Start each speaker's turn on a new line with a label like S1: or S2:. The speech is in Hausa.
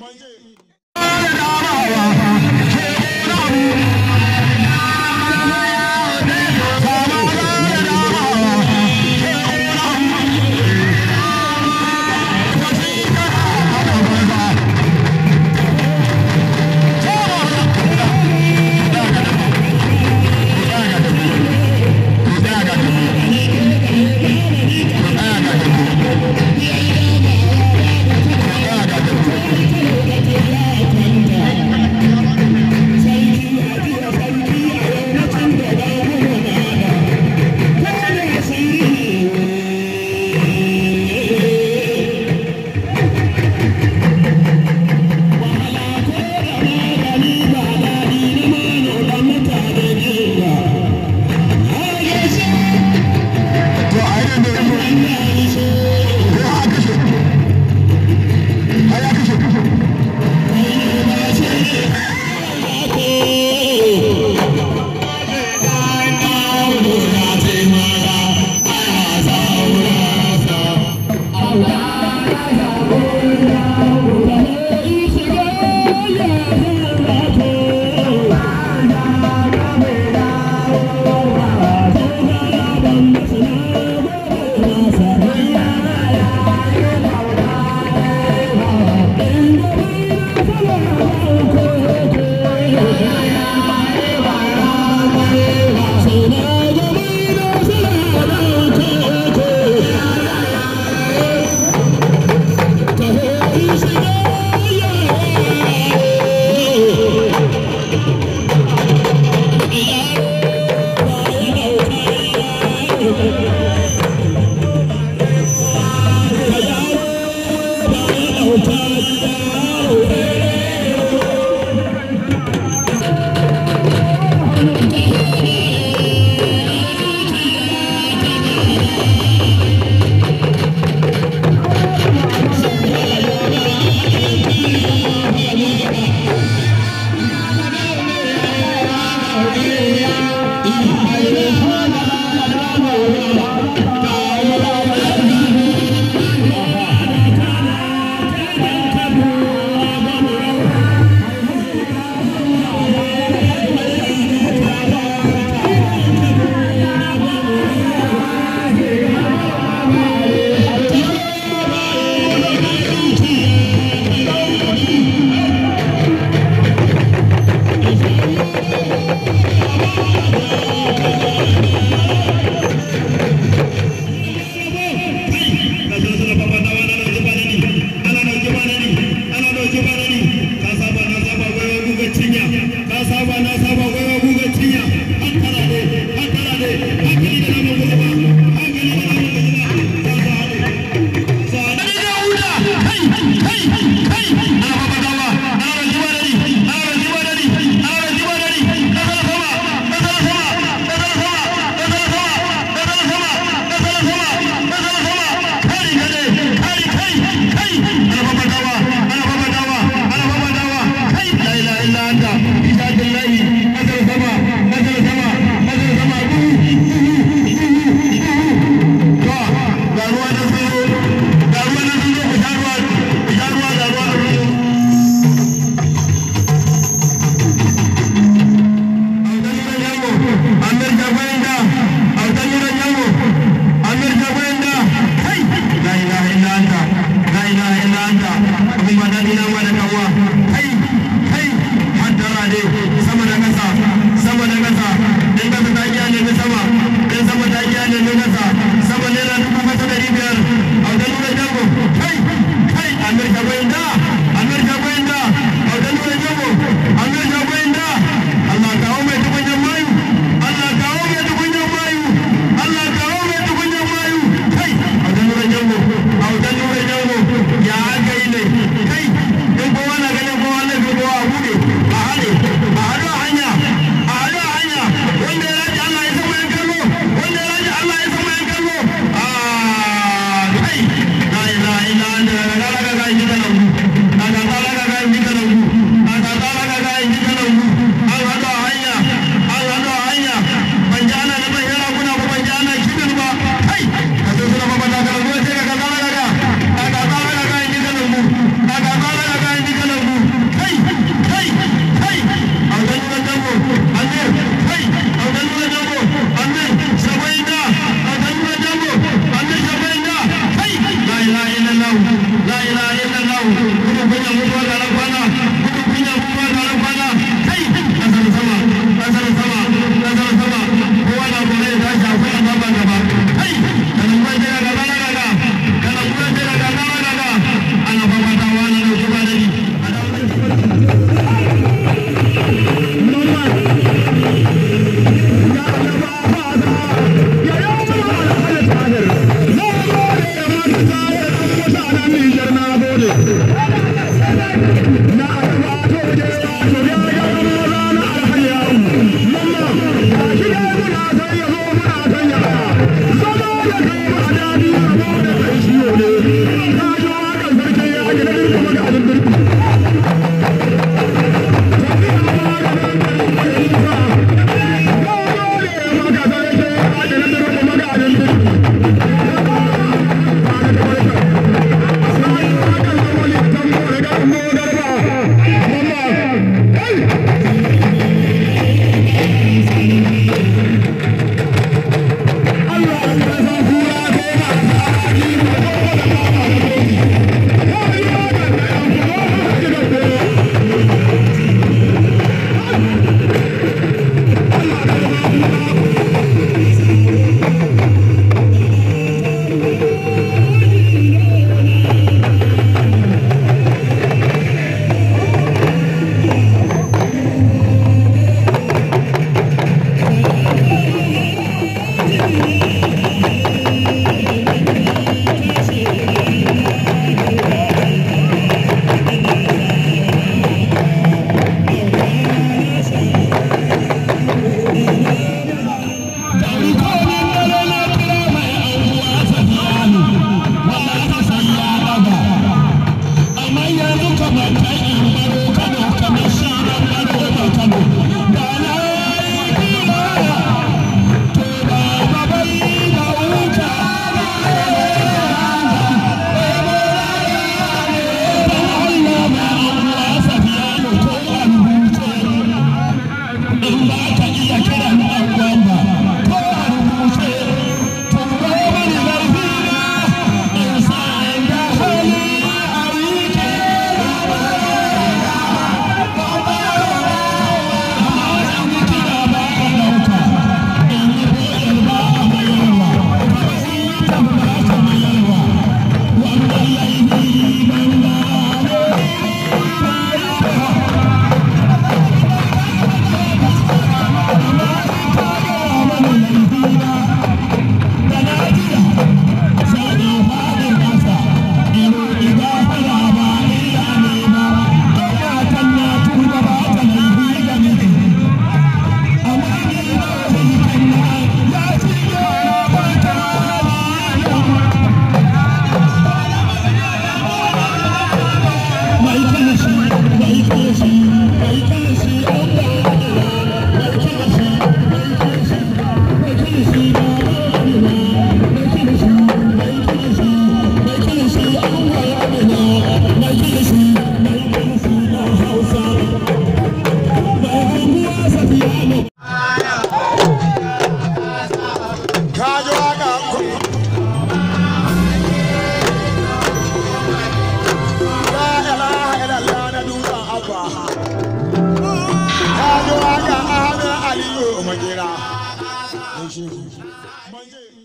S1: manje Vai, vai, vai. manje manje